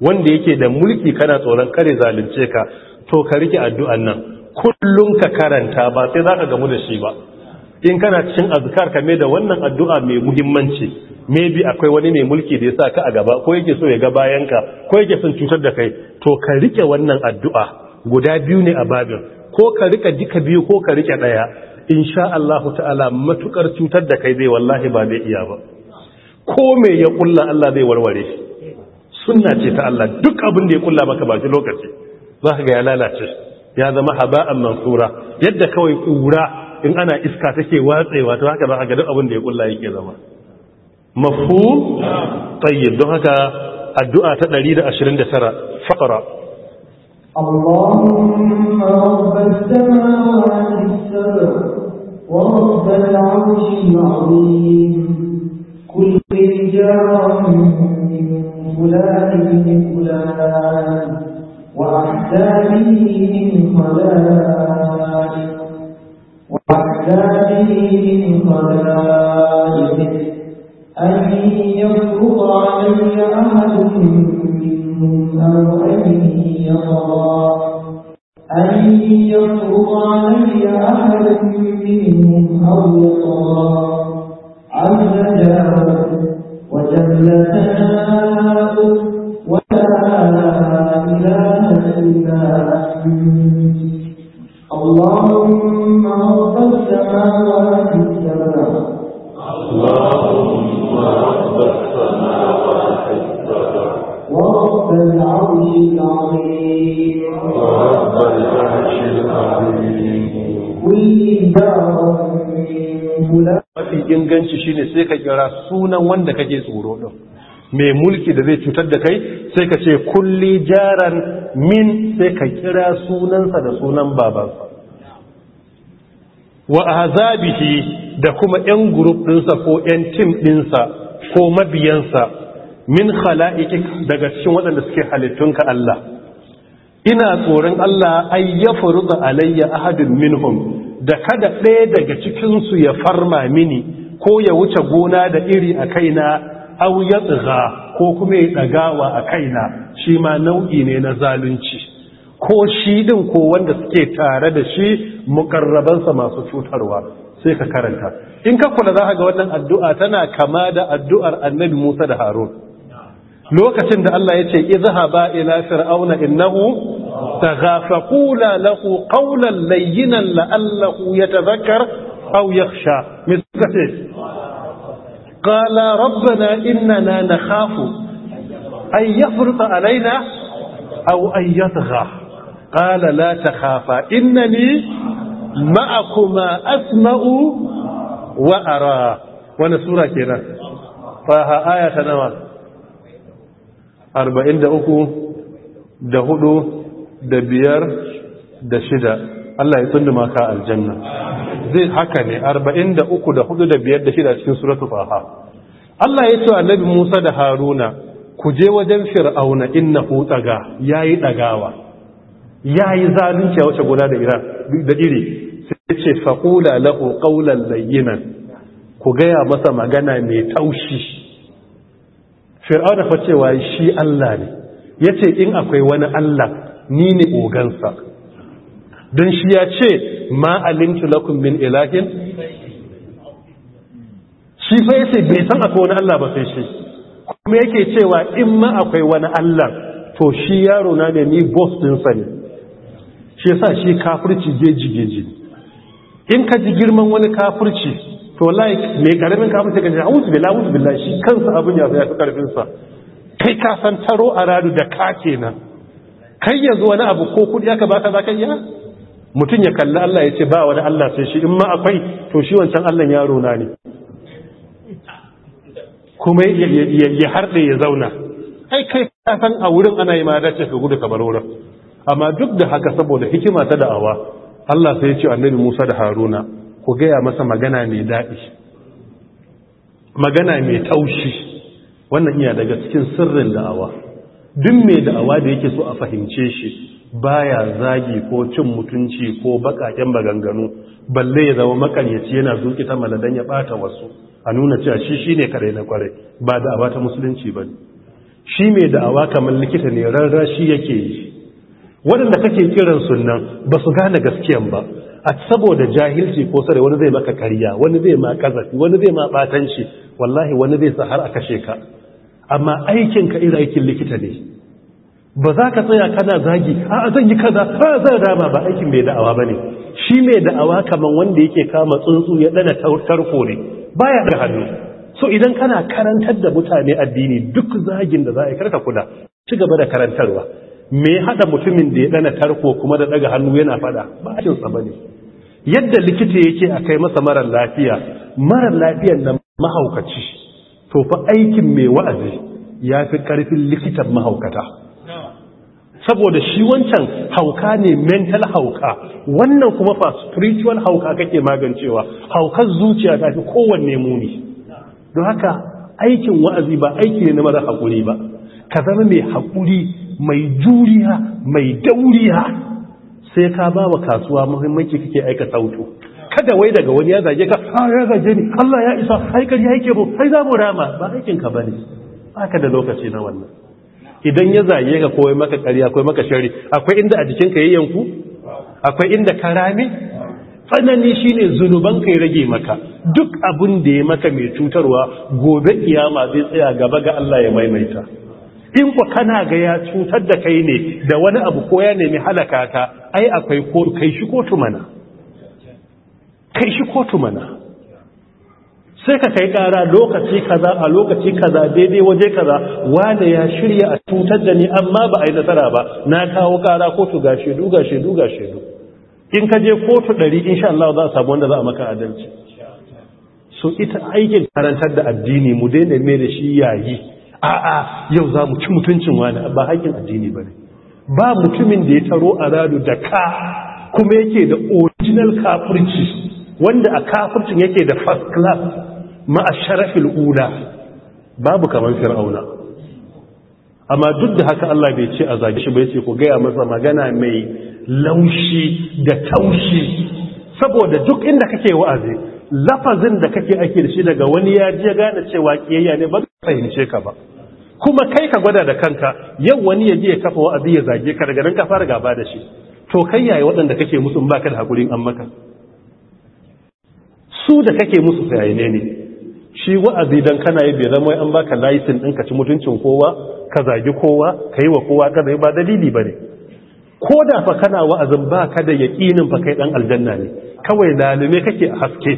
wanda yake da mulki kana tsoron kare zalunce ka to ka rike addu'an nan kullum ka karanta ba sai zaka gamu da shi ba in kana cikin azkar ka da wannan addu'a mai muhimmanci maybe akwai wani mai mulki da ya sa ka a gaba ko yake so ya ga bayan ka ko yake son cutar da kai to ka rike wannan addu'a guda biyu ne a babin ko ka rike duka biyu ko ka rike daya insha Allah ta'ala matukar cutar da kai zai wallahi ba zai iya ba ko me ya kulla Allah zai warware shi sunna ce ta Allah duk abin da ya kulla maka baki lokaci za ka ga ya lalace ya zama haba'an mansura yadda kawai kura in ana iska take watsewa to haka za ka ga duk abin da ya kulla yake zama mafhum tayyib don haka addu'a ta 129 faqra Allahumma رب السماوات ورب العرش العظيم كل منه فلان من فلان وأحزابه من خلائق وأحزابه من خلائق أن يفرض علي أحد منهم أو أن يطغى أن يفرض علي أحد منهم أو يطغى عز جاره وجلتنا وجلتنا kira sunan wanda kake tsoro din mai mulki da zai cutar da kai sai ka ce kulli jaran min sai ka kira sunansa da sunan babansa wa azabihi da kuma yan group ɗinsa ko yan team ɗinsa ko mabiyansa min khala'iqik daga cikin waɗanda suke halittunka Allah ina tsoron Allah ay yafruḍa alayya ahadun minhum da kada ɗaya daga cikinsu ya farma mini ko ya wuce gona da iri a kaina au ya tsiga ko kuma ya ɗagawa a kaina shi ma nau'i ne na zalunci ko shi ɗin ko wanda suke tare da shi mukarrabansa masu cutarwa sai ka karanta in ka kula za ka ga wannan addu'a tana kama da addu'ar annabi musa da harun lokacin da Allah ya ce izhaba ila fir'auna innahu تغافقولا lahu qawlan layyinan la'allahu yatazakkar أو يخشى مسكتين قال ربنا إننا نخاف أن يفرط علينا أو أن يطغى قال لا تخافا إنني معكما أسمع وأرى وانا سورة كنا فها آية نوى أربعين دعوكو دهدو دبير دشدة الله يطن ما كاء الجنة zai haka ne 43 da 4 da 5 da 5 da 6 cikin suratu faha Allah ya ce annabi Musa da Haruna ku je wajen fir'auna hu taga yayi dagawa yayi zalunci wace guda da Iran da iri sai ce faqula lahu qawlan layyinan ku gaya masa magana mai taushi fir'auna fa cewa shi Allah ne yace in akwai wani Allah ni ne ogansa don shi ya ce ma tulakun lakum min ilahin shi fa yace bai san akwai wani Allah ba sai shi kuma yake cewa in ma akwai wani Allah to shi yaro na ne ni boss din sa ne shi yasa shi kafirci geji geji in ka ji girman wani kafirci to like mai karamin kafirci ka ji a'udhu billahi a'udhu billahi shi kansa abun ya fi karfin sa kai ka san taro a radu da ka kenan kai yanzu wani abu ko kudi aka baka zaka iya mutum ya kalli Allah ya ce ba wani Allah sai shi in ma akwai to shi wancan Allah yaro na ne kuma ya harɗe ya zauna ai kai kasan a wurin ana yi ma dace ka gudu kamar wurin amma duk da haka saboda hikima ta da'awa Allah sai ya ce annabi Musa da Haruna ku gaya masa magana mai daɗi magana mai taushi wannan iya daga cikin sirrin da'awa duk mai da'awa da yake so a fahimce shi baya zagi ko cin mutunci ko bakaken baganganu, balle ya zama makaryaci yana zuki ta maladan ya bata wasu a nuna cewa shi shine kare na kware ba da awa ta musulunci bane shi mai da'awa kamar likita ne rarra shi yake yi waɗanda kake kiran sunan ba su gane gaskiyan ba a saboda jahilci ko sare wani zai maka kariya wani zai ma kazafi wani zai ma batanci wallahi wani zai sa har a kashe ka amma aikinka irin aikin likita ne ba za ka tsaya kana zagi a zan yi kaza a zan ba aikin mai da'awa ba ne shi mai da'awa kamar wanda yake kama tsuntsu ya ɗana tarko ne baya da hannu so idan kana karantar da mutane addini duk zagin da za a yi karka kula ci gaba da karantarwa me haɗa mutumin da ya ɗana tarko kuma da ɗaga hannu yana faɗa ba a cinsa ba ne yadda likita yake a kai masa marar lafiya marar lafiyan na mahaukaci to fa aikin mai wa'azi ya fi ƙarfin likitan mahaukata saboda shi wancan hauka ne mental hauka wannan kuma fa spiritual hauka kake magancewa haukar zuciya ta fi kowanne muni don haka aikin wa'azi ba aiki ne na mara haƙuri ba ka zama mai haƙuri mai juriya mai dauriya sai ka ba wa kasuwa muhimmanci kake aika sautu kada wai daga wani ya zage ka a ah, ya zage ni Allah ya isa ya yake mu sai za mu rama ba aikin ka bane baka da lokaci na wannan idan ya zaye ka koyi maka ƙari, akwai maka shari akwai inda a jikinka ya yanku akwai inda ka rami? tsanani shine zunuban kai rage maka duk abun da ya maka mai cutarwa gobe kiyama zai tsaya gaba ga Allah ya maimaita in ku kana ga ya cutar da kai ne da wani abu ko ya nemi halaka ka ai akwai ko kai shi mana kai shi kotu mana sai ka kai kara lokaci kaza a lokaci kaza daidai waje kaza wanda ya shirya a cutar da ni amma ba a yi nasara ba na kawo kara kotu ga shedu ga shedu ga shedu in ka je kotu ɗari insha Allah za a samu wanda za a maka adalci so ita aikin karantar da addini mu daina mai da shi yayi a yau za mu ci mutuncin wani ba haƙin addini ba ne ba mutumin da ya taro a radu da ka kuma yake da original kafirci wanda a kafircin yake da first class ma'a ula babu kamar fir'auna amma duk da haka Allah bai ce a zage shi bai ce ku gaya masa magana mai laushi da taushi saboda duk inda kake wa'azi lafazin da kake ake da shi daga wani ya ji gane cewa kiyayya ne ba ka fahimce ka ba kuma kai ka gwada da kanka yau wani ya je ya kafa wa'azi ya zage ka daga nan ka fara gaba da shi to kai yayi waɗanda kake musu in baka da hakurin an maka su da kake musu fayaye ne shi wa'azi dan kana yi bai zama an baka laisin ɗin ka ci mutuncin kowa ka zagi kowa ka yi wa kowa ka zai ba dalili ba ne ko da fa kana wa'azin ba ka da yaƙinin fa kai ɗan aljanna ne kawai lalume kake a haske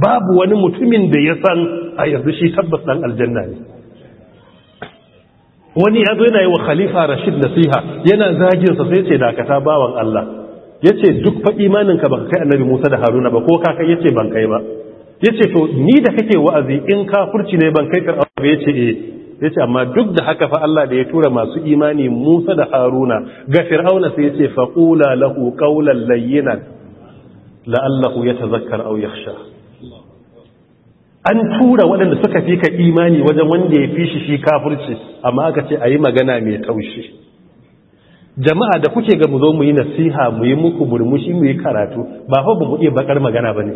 babu wani mutumin da ya san a yanzu shi tabbas ɗan aljanna ne wani ya zo yana yi wa khalifa rashid nasiha yana zaginsa sai ce dakata bawan Allah ya ce duk fa imaninka ba ka kai annabi musa da haruna ba ko kaka ya ce ban kai ba yace to ni da kake wa'azi in kafurci ne ban kai fir'auna ba e ya eh yace amma duk da haka fa Allah da ya tura masu imani Musa da Haruna ga fir'auna sai ya yace faƙula lahu ƙaular layyinan la'allahu zakar aw yakhsha an tura waɗanda suka fi ka imani wajen wanda ya fi shi shi kafurci. amma aka ce a yi magana mai taushe. jama'a da kuke ga mu zo mu yi nasiha mu yi muku murmushi mu yi karatu ba fa ba mu iya bakar magana ba ne.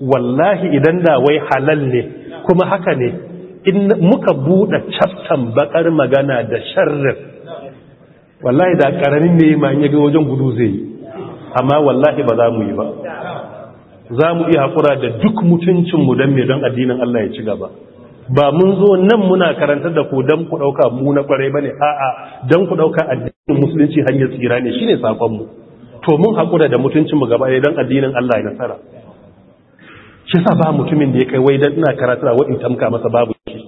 wallahi idan da wai halal ne kuma haka ne in muka buɗe caftan bakar magana da sharrif. wallahi da ƙaramin ne ma ya wajen gudu zai yi amma wallahi ba za mu yi ba za mu iya haƙura da duk mutuncinmu don mai don addinin Allah ya ci gaba ba mun zo nan muna karantar da ku don ku ɗauka mu na ƙwarai ba ne a'a don ku ɗauka addinin musulunci hanyar tsira ne shi ne saƙonmu to mun haƙura da mutuncinmu gaba ɗaya don addinin Allah ya nasara shi sa ba mutumin da ya kai wai dan ina karatu a wadin tamka masa babu shi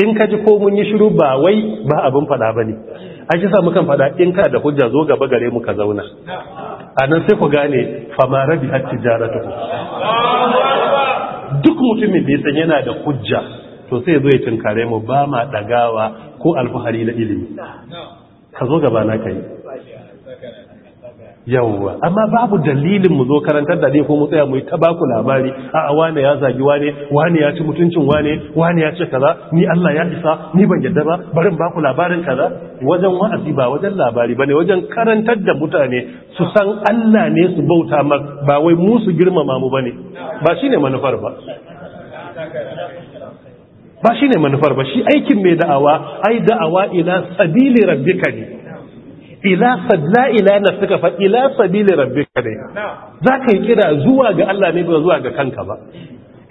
in ka ji ko mun yi shiru ba wai ba abin fada ne, a shi sa mukan fada in ka da hujja zo gaba gare mu ka zauna a nan sai ku gane famara bi hat tijaratu duk mutumin da ya san yana da hujja to sai zo ya tinkare mu ba ma dagawa ko alfahari na ilimi ka zo gaba na kai yawwa amma babu dalilin mu zo karantar da dai ko mu tsaya mu yi tabaku labari a wani ya zagi wani. Wani ya ci mutuncin wani. Wani ya ce kaza ni Allah ya isa ni ban yadda ba barin baku labarin kaza wajen wa'azi ba wajen labari bane wajen karantar da mutane su san Allah ne su bauta mar ba wai mu su girmama mu bane ba shine manufar ba ba shine manufar ba shi aikin mai da'awa ai da'awa ila sabili rabbika ne ila na ila suka fa ila sabili rabbika ne zaka yi kira zuwa ga Allah ne ba zuwa ga kanka ba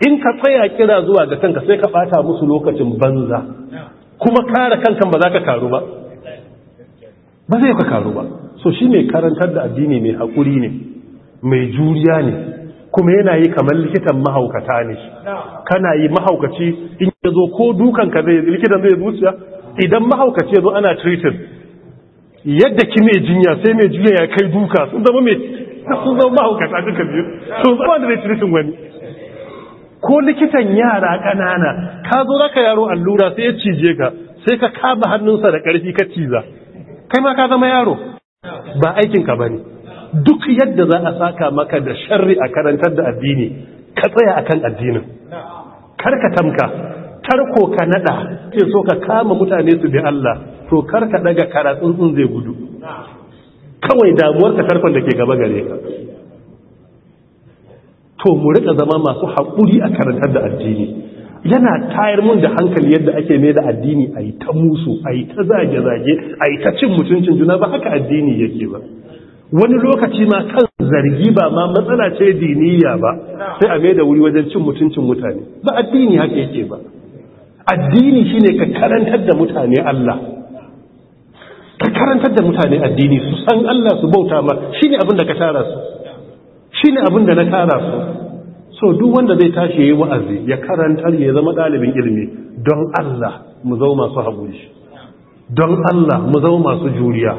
in ka tsaya kira zuwa ga kanka sai ka bata musu lokacin banza kuma kare kanka ba za ka karu ba ba zai ka karu ba so shi mai karantar da addini mai haƙuri ne mai juriya ne kuma yana yi kamar likitan mahaukata ne kana yi mahaukaci in ya zo ko dukanka zai likitan zai zuciya idan mahaukaci ya zo ana treated yadda ki mai jinya sai mai jinya ya kai duka sun zama mai sun zama mahaukata duka biyu sun zama da cikin wani ko likitan yara ƙanana ka zo raka yaro allura sai ya cije ka sai ka kaba hannunsa da karfi ka ciza kai ma ka zama yaro ba aikinka ba ne duk yadda za a saka maka da sharri a karantar da addini ka tsaya akan addinin karka tamka tarko ka nada ke so ka kama mutane su bi Allah to karka daga kara tsuntsun zai gudu kawai damuwar ka tarkon da ke gaba gare ka to mu rika zama masu haƙuri a karantar da addini yana tayar mun da hankali yadda ake mai da addini a yi ta musu a yi ta zage-zage a yi ta cin mutuncin juna ba haka addini yake ba wani lokaci ma kan zargi ba ma matsala ce diniya ba sai a mai da wuri wajen cin mutuncin mutane ba addini haka yake ba addini shine ka karantar da mutane Allah ka karantar da mutane addini su san Allah su bauta ma shine abin da ka tara su shine abin da na tara su so duk wanda zai tashi ya yi wa'azi ya karantar ya zama ɗalibin ilimi don Allah mu zama masu haƙuri don Allah mu zama masu juriya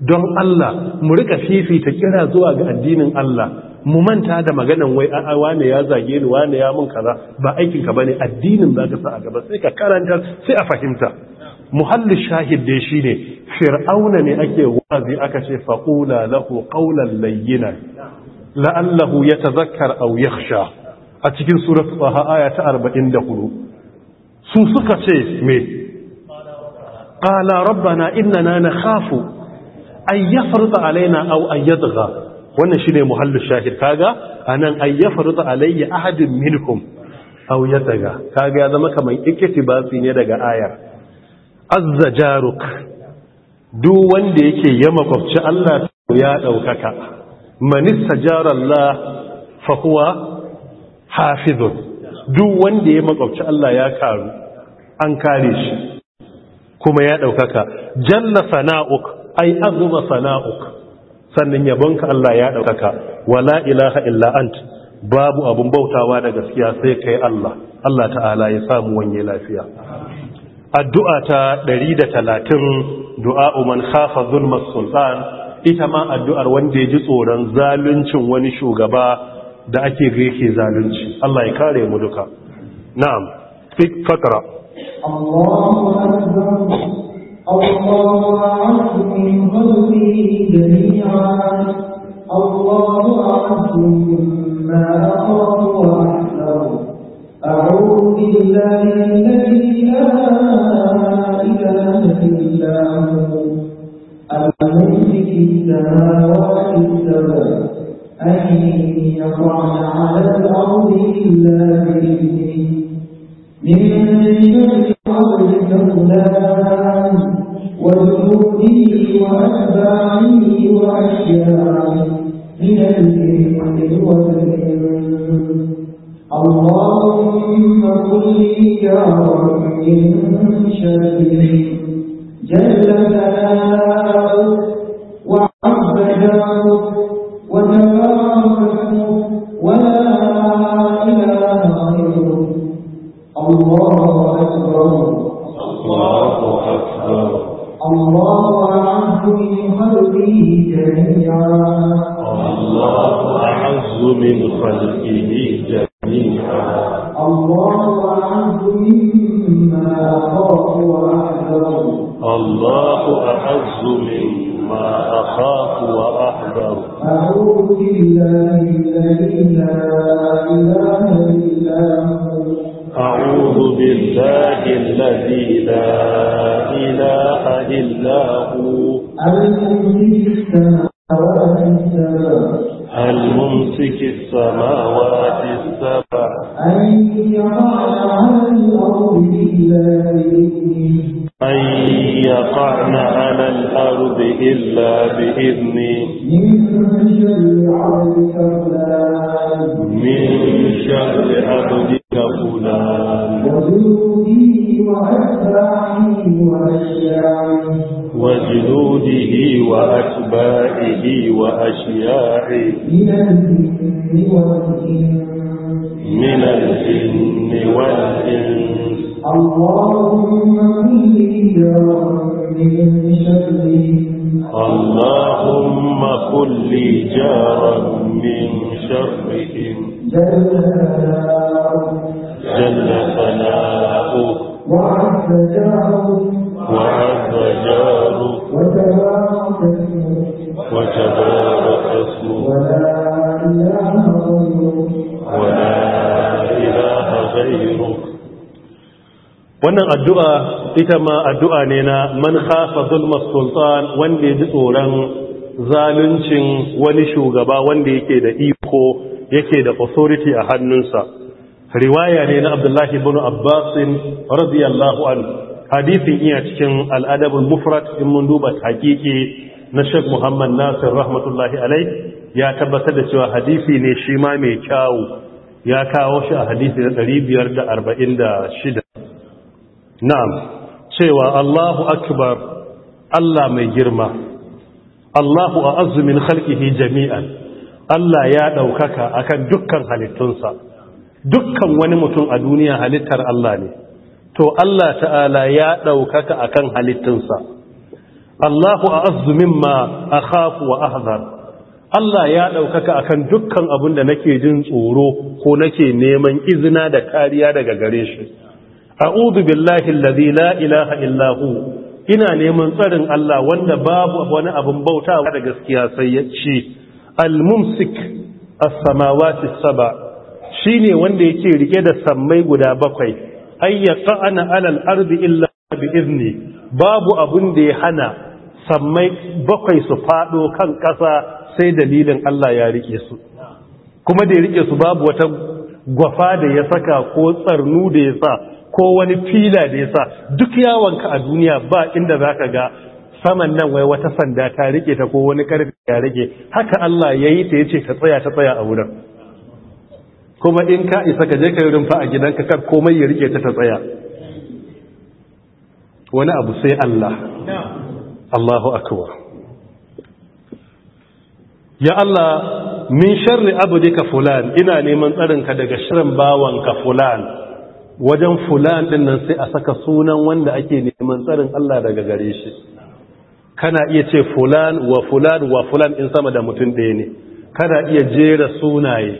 don Allah mu rika fifita kira zuwa ga addinin Allah mu manta da maganan wai a'a wane ya zage ni wane ya mun kaza ba aikinka ba ne. addinin zaka sa a gaba sai ka karantar sai a fahimta muhallin shahid dai ne fir'auna ne ake wazi aka ce faƙula lahu ƙaunar layyina la'allahu ta zakar yakhsha a cikin surat taha aya ta 44 su suka ce me qala rabbana na hafu. an ta alaina aw an daga. wannan ne muhallin shahid kaga anan ay alaiya alayya ahadun minkum aw daga. kaga ya zama kamar kaman ikkitibasi ne daga ayar azza jaruk duk wanda yake ya makwabci Allah ya ɗaukaka manista jarallah fahuwa hafizun duk wanda ya makwabci Allah ya karu an kare shi kuma ya ɗaukaka jalla sana'uk ai azuma sana'uk sannan yabonka Allah ya ɗaukaka wala ilaha illa ant babu abun bautawa da gaskiya sai kai Allah Allah ta'ala ya samu wanye lafiya addu'a ta 130 du'a man khafa zulmas sultan ita ma addu'ar wanda ya ji tsoron zaluncin wani shugaba da ake yake zalunci Allah ya kare mu duka na'am fik fakra Allahu أعوذ بالله الذي لا إله إلا هو الممسك السماوات السبع أن يقعن على الأرض إلا بإذنه من شر قبل فلان وجنوده وأتباعه وأشياعه من الإنس والإنس اللهم كن لي جارا من شره جل ثناؤك وعظم جاره بإذني من شر عبدك فلان وجنوده وأتباعه وأشياعه من الجن والإنس اللهم كن لي من شره اللهم كن لي جارا من شرهم جل ثناؤه وعز جاره وعز جاره وتبارك اسمه ولا إله غيره wannan addu'a ita ma addu'a ne na man khafa zulmas sultan wanda ya ji tsoron zaluncin wani shugaba wanda yake da iko yake da authority a hannunsa riwaya ne na abdullahi ibn abbasin radiyallahu an hadithin iya cikin al'adabul mufrat in mun duba hakiki na shek muhammad nasir rahmatullahi alai ya tabbatar da cewa hadisi ne shi ma mai kyawu ya kawo shi a hadisi na 546 na'am cewa Allahu akbar Allah mai girma Allahu a'azzu min khalqihi jami'an Allah ya daukaka akan dukkan halittunsa dukkan wani mutum a duniya halittar Allah ne to Allah ta'ala ya daukaka akan halittunsa Allahu a'azzu ma akhafu wa ahzar Allah ya ɗaukaka akan dukkan abin da nake jin tsoro ko nake neman izina da kariya daga gare shi a'udhu billahi allazi la ilaha illa hu ina neman tsarin Allah wanda babu wani abin bauta da gaskiya sai ya ce al-mumsik as-samawati saba shine wanda yake rike da sammai guda bakwai ayyaqa ana alal ardi illa bi izni babu abun da ya hana sammai bakwai su fado kan kasa sai dalilin Allah ya rike su kuma da ya rike su babu wata gwafa da ya saka ko tsarnu da ya sa ko wani fila da ya sa duk yawonka a duniya ba inda za ka ga saman nan wai wata sanda ta rike ta ko wani karfi ya rike haka Allah ya yi ta ya ce ta tsaya ta tsaya a wurin kuma in ka isa ka je ka yi rumfa a gidanka kar komai ya rike ta ta tsaya wani abu sai Allah Allahu akbar ya Allah min sharri abdika fulan ina neman tsarinka daga shirin bawanka fulan wajen fulan din nan sai a saka sunan wanda ake neman tsarin Allah daga gare shi kana iya ce fulan wa fulan wa fulan in sama da mutum ɗaya ne kana iya jera sunaye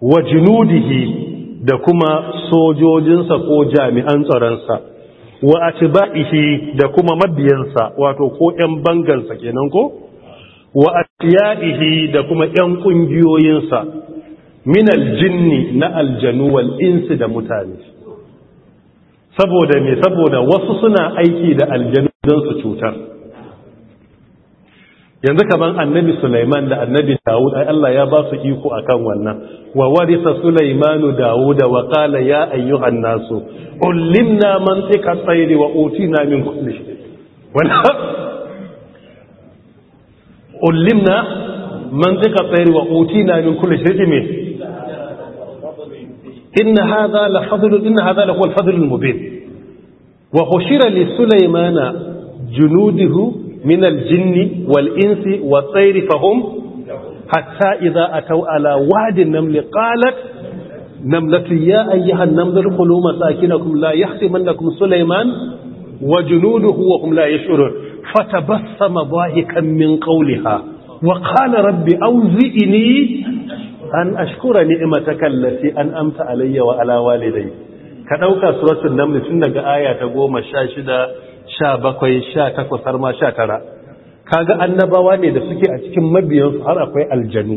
wa jinudihi da kuma sojojinsa ko jami'an tsaronsa wa atba'ihi da kuma mabiyansa wato ko ƴan bangansa kenan ko wa atiyaihi da kuma ƴan ƙungiyoyinsa. min aljinni na aljanu wal insi da mutane saboda me saboda wasu suna aiki da aljanu don su cutar yanzu kaman annabi Sulaiman da annabi Dawud ai Allah ya ba su iko akan wannan wa warisa Sulaimanu Dawud wa qala ya ayyuhan nasu ullimna mantiqa tayri wa utina min kulli shay wala ullimna mantiqa tayri wa utina min kulli shay me إن هذا لفضل إن هذا لهو الفضل المبين وحشر لسليمان جنوده من الجن والإنس والطير فهم حتى إذا أتوا على واد النمل قالت نملة يا أيها النمل ادخلوا مساكنكم لا يحطمنكم سليمان وجنوده وهم لا يشعرون فتبسم ضاحكا من قولها وقال رب أوزئني an ashkura ni'mataka allati an alayya wa ala walidayya ka dauka suratul naml tun daga aya ta 16 17 18 har ma 19 kaga annabawa ne da suke a cikin mabiyansu har akwai aljanu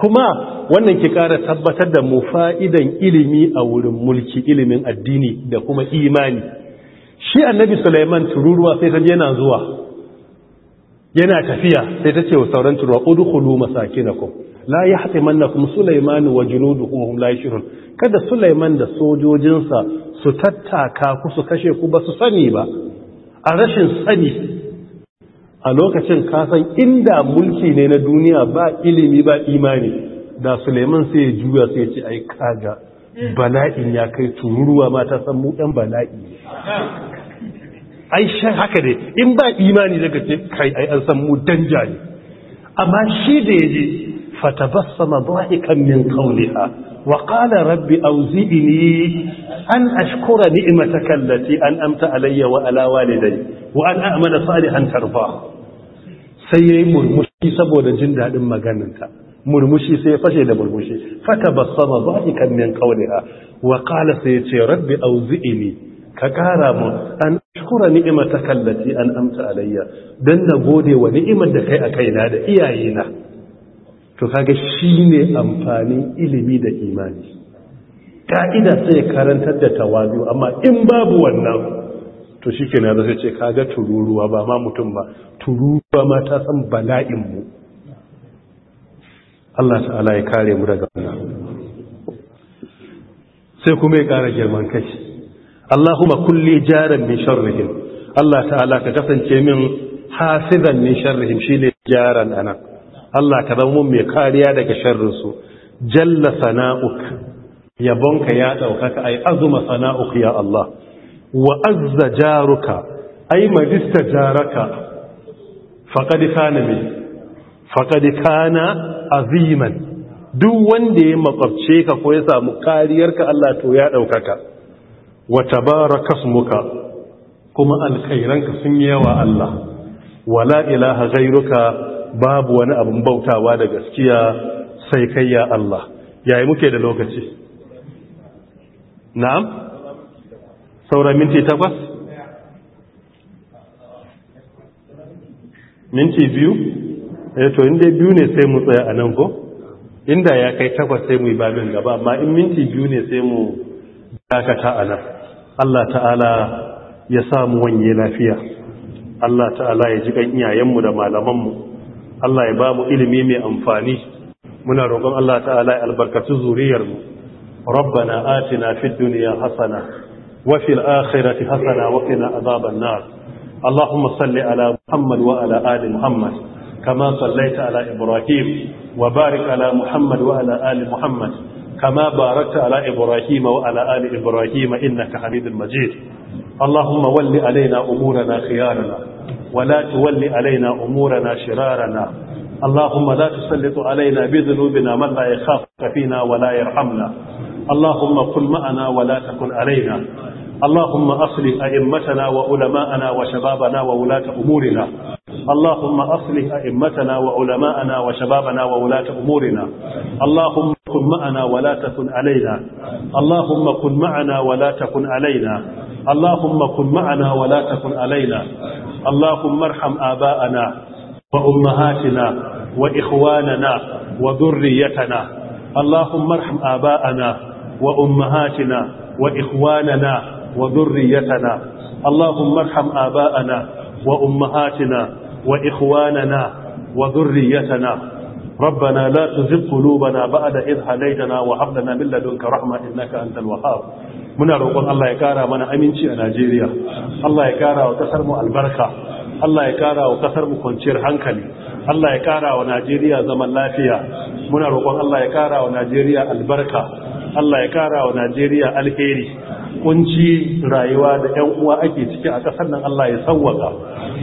kuma wannan ke ƙara tabbatar da mu fa'idan ilimi a wurin mulki ilimin addini da kuma imani shi annabi Sulaiman tururuwa sai ta yana zuwa yana tafiya sai ta ce wa sauran masaki udkhulu masakinakum la kuma sulaiman wa juluduhu kuma la kada sulaiman da sojojinsa su tattaka ku su kashe ku ba su sani ba a rashin sani a lokacin kasan inda mulki ne na duniya ba ilimi ba imani da suleiman sai ya juya sai ya ce ai kaga bala'in ya kai tururuwa ma ta san ɗan bala'i ai shan haka ne in ba imani daga ce kai ai an san mu danja ne amma shi da ya je فتبسم ضاحكا من قولها وقال رب أوزئني أن أشكر نعمتك التي أنأمت علي وعلى والدي وأن أعمل صالحا ترضاه سيئي مرمشي سبود جندا لما قننت مرمشي سيفشي لمرمشي فتبسم ضاحكا من قولها وقال سيئي رب أوزئني ka kara mu an shukura ni'imataka allati an'amta alayya dan na gode wa ni'imar da kai a kaina da iyayena to kaga shi ne amfanin ilimi da imani ka'ida sai karantar da tawadu amma in babu wannan to shi ke na zai ce kaga tururuwa ba ma mutum ba tururuwa ma ta san bala'inmu Allah ta'ala ya kare mu daga wannan sai kuma ya kara girman kai Allahumma kulli jaran min sharrihim Allah ta'ala ka kasance min hasidan min sharrihim shine jaran anan Allah ka zama mun mai kariya daga sharrinsu jalla sana'uk yabonka ya ɗaukaka ai azuma sana'uk ya Allah wa azza jaruka ai majista jaraka faqad kana min faqad kana aziman duk wanda ya makwabce ka ko ya samu kariyarka Allah to ya ɗaukaka wa tabarakasmuka kuma alkhairanka sun yawa Allah wala ilaha ghairuka babu wani abin bautawa da gaskiya sai kai ya Allah yayi muke da lokaci na'am saura minti takwas minti biyu eh to inda biyu ne sai mu tsaya a nan ko inda ya kai takwas sai mu yi babin gaba amma in minti biyu ne sai mu dakata a nan Allah ta'ala ya samu wanye lafiya Allah ta'ala ya ji kan iyayenmu da malamanmu Allah ya ba mu ilimi mai amfani muna roƙon Allah ta'ala ya albarkaci zuriyarmu rabbana atina fid dunya hasana wa fil akhirati hasana wa qina adhaban nar allahumma salli ala muhammad wa ala ali muhammad kama sallaita ala ibrahim wa barik ala muhammad wa ala ali muhammad kama barakta ala ibrahim wa ala ali ibrahim innaka hamidul majid اللهم ول علينا أمورنا خيارنا ولا تول علينا أمورنا شرارنا اللهم لا تسلط علينا بذنوبنا من لا يخاف فينا ولا يرحمنا اللهم كن معنا ولا تكن علينا اللهم أصلح أئمتنا وعلماءنا وشبابنا وولاة أمورنا اللهم أصلح أئمتنا وعلماءنا وشبابنا وولاة أمورنا اللهم كن معنا ولا تكن علينا اللهم كن معنا ولا تكن علينا اللهم كن معنا ولا تكن علينا اللهم ارحم آباءنا وأمهاتنا وإخواننا وذريتنا اللهم ارحم آباءنا وأمهاتنا وإخواننا وذريتنا اللهم ارحم آباءنا وأمهاتنا وإخواننا وذريتنا ربنا لا تزغ قلوبنا بعد إذ هديتنا وهب لنا من لدنك رحمة إنك أنت الوهاب muna roƙon Allah ya ƙara mana aminci a Najeriya Allah ya ƙara wa ƙasar albarka Allah ya ƙara wa kwanciyar hankali Allah ya ƙara wa Najeriya zaman lafiya muna roƙon Allah ya ƙara wa Najeriya albarka Allah ya ƙara wa Najeriya alheri kunci rayuwa da ɗan uwa ake ciki a ƙasar nan Allah ya sauwaka,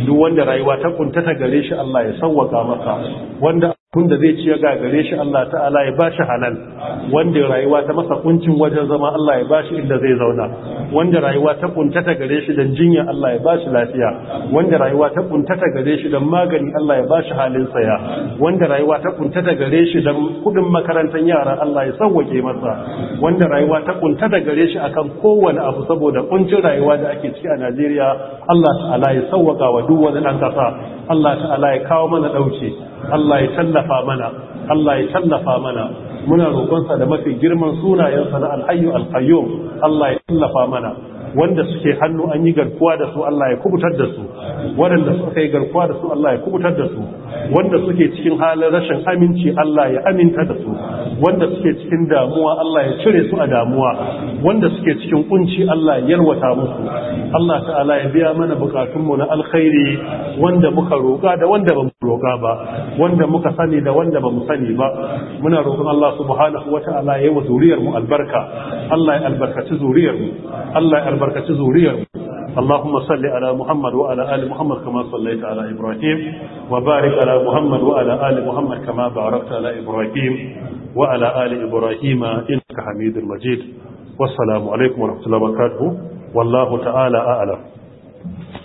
duk wanda rayuwa ta kuntata gare shi Allah ya sauwaka maka. wanda da zai ci ya gagare shi Allah ta'ala ya bashi halal wanda rayuwa ta masa kuncin wajen zama Allah ya bashi inda zai zauna wanda rayuwa ta kuntata gare shi dan jinya Allah ya bashi lafiya wanda rayuwa ta kuntata gare shi dan magani Allah ya bashi halin saya wanda rayuwa ta kuntata gare shi dan kudin makarantar yara Allah ya sauwake masa wanda rayuwa ta kuntata gare shi akan kowane abu saboda kuncin rayuwa da ake ciki a Najeriya Allah ta'ala ya sauwaka wa duk wani dan kasa Allah ta'ala ya kawo mana ɗauke. Allah ya tallafa mana Allah ya tallafa mana muna roƙonsa da mafi girman sunayensa na alhayyu alqayyum Allah ya tallafa mana wanda suke hannu an yi garkuwa da su Allah ya kubutar da su waɗanda suka yi garkuwa da su Allah ya kubutar da su wanda suke cikin halin rashin aminci Allah ya aminta da su wanda suke cikin damuwa Allah ya cire su a damuwa wanda suke cikin kunci Allah ya yarwata musu Allah ta'ala ya biya mana bukatunmu na alkhairi wanda muka roƙa da wanda ba mu roƙa ba wanda muka sani da wanda ba mu sani ba muna roƙon Allah subhanahu wa ta'ala ya yi wa zuriyar mu albarka Allah ya albarkaci zuriyar mu Allah ya albarkaci zuriyar Allahumma salli ala Muhammad wa ala ali Muhammad Ibrahim wa barik ala Muhammad wa ala ali Muhammad wa ala ali Ibrahim wallahu ta'ala a'lam